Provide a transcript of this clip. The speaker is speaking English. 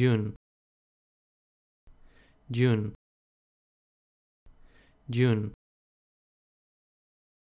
June June June